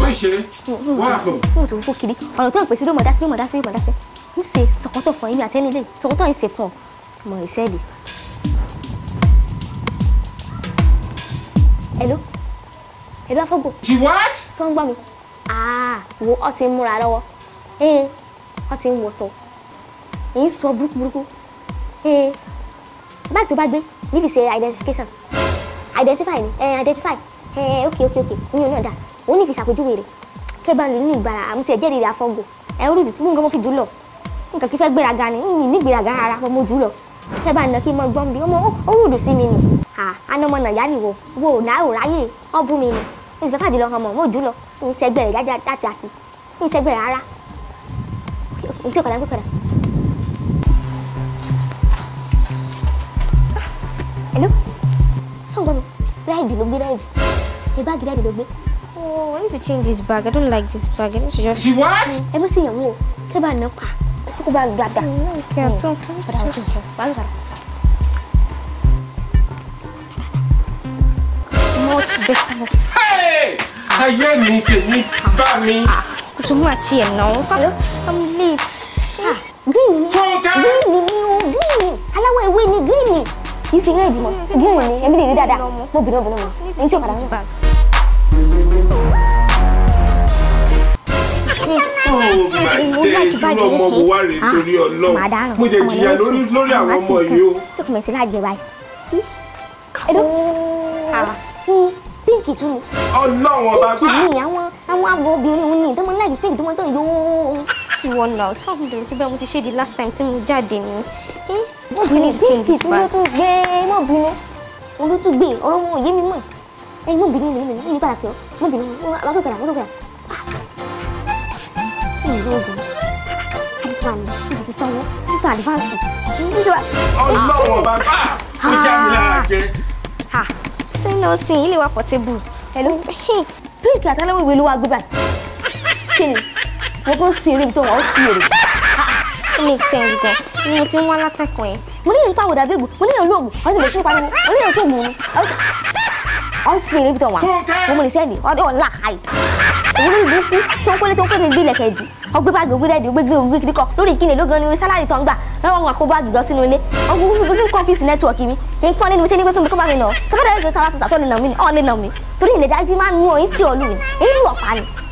wọ́n ṣe wọ́n àfọ̀. mo tún fò kiri ọ̀rọ̀ tí mo pèsè ló mọ̀ dá sí ló mọ̀ dá sí ló mọ̀ dá sí ń ṣe sọ̀kọ́tọ̀ fún ẹ̀mí àtẹ́lẹ́lẹ́ sọ̀kọ́tọ̀ ń ṣe fún hello hello afọ́gbò. she what. sọ ń gbọ́ mi ah, wo ọ ti ń múra lọ́wọ́ ọ ti ń wọṣọ èyí sọ burúkú burúkú báàgì tó bá gbé identification identify ni identify okay, okay, okay. mi ò náà dáa òun ní ìfìsàpèjúwe rẹ̀ kẹ́ bá lè nínú ìgbàlà àmú sí ẹ̀jẹ̀ rere àfọ̀gò ẹ̀ ń rúdì sí nǹkan mọ́ fi jù nǹkan kí fẹ́ gbéraga ni yìnyín ní gbéraga ara mọ́ mo jù lọ kẹ́ bá nà kí mọ́ gbọ́n bí ọmọ ó rúdù sí mi ni anamọ̀nà yá nìwọ wo náà ò ráyè ọ́ bú mi ni ní ìfẹ́ fàjùlọ ọmọ mo jù lọ ní sẹ́gbẹ̀ rẹ̀ láti àsì ní sẹ́gbẹ̀ rẹ̀ rárá ìfẹ́ kọ̀dà ń pẹ́ kọ̀dà. Hello? sọ̀gbọ́n mi ráìdì ló gbé ráìdì ìbáàgì ráìdì ló gbé. Oh, I need to change this bag. I don't like this bag. I need to just. She what? Ever see your move? Come on, no car. Come on, grab that. Okay, I'll talk. But I'll just. Much better. Hey! I am me, me, me. Ah, too much here now. I'm late. Ah, green ni. Green Green ni. Aláwọ̀ ewé ni green ni. Kì í ṣe red mọ́. Green ni. Èmi lè rí dáadáa. Mo bìnrin obìnrin mọ́. Èyí ṣe ọ̀kadà mi. irú ọmọ ah, mo wá rèé torí Ọlọ́run mo jẹ jìyà lórí àwọn ọmọ yìí o. tí kò mẹ̀sí náà jẹ báyìí. ẹ̀dọ́ pínkì tún ni. Ọlọ́run ọba gbà. pínkì ni àwọn àwọn àbọ̀ obìnrin òun ni tó máa ń láti pínkì tó máa ń tàn yóò. ti wọ́n náà tí wọ́n bẹ̀rẹ̀ bẹ́ẹ̀ mo ti ṣe di last time tí mo jáde ni. mo bìnrin pínkì tún ló tún gbé mọ́ bínú olú tún gbé ọ̀rọ̀ wọn ò yé mi mọ́ ẹ̀ mo bìnrin mi mi ní padà pé mo bìnrin mo bá tó advance ọlọ́wọ́ bàbá ó já mi lára jẹ. nínú sin ilé wa portable pẹ̀lú pink àtàlẹ́wọ̀ ìwé ló wá gbígbà kí ni mo tún make sense gan ni mo ti ń wá látẹ̀kọ̀ yẹn mo níyàn tó àwòdà bẹ́ẹ̀gù mo níyàn lóògùn wọ́n sì lè tún pariwo mo níyàn tó gbòòrò ọ̀ sì eré tó wà mo mọ̀ ní sẹ́ẹ̀lì ọgbẹ́ báàgì ògbé dẹ́ẹ̀dì ògbé gbé kiri kọ lórí ìkíni lógan ní sálárì tó ń gbà lọ́wọ́ wọn kó báàgì lọ sínú ilé ọgbẹ́ gbogbo sí kọ́fíìsì nẹ́tíwọ̀kì mi mi ń pọ́n nínú iṣẹ́ nígbà tó ń kọ́ bá mi nà ọ́ tó bá dẹ́rẹ́ gbé sáwà tó sàtọ́ lè nà mí ọ́ lè nà mí torí ìlẹ̀dá ti máa ń mú ọyìn tí ọ̀lù mi èyí wọ̀ pa ni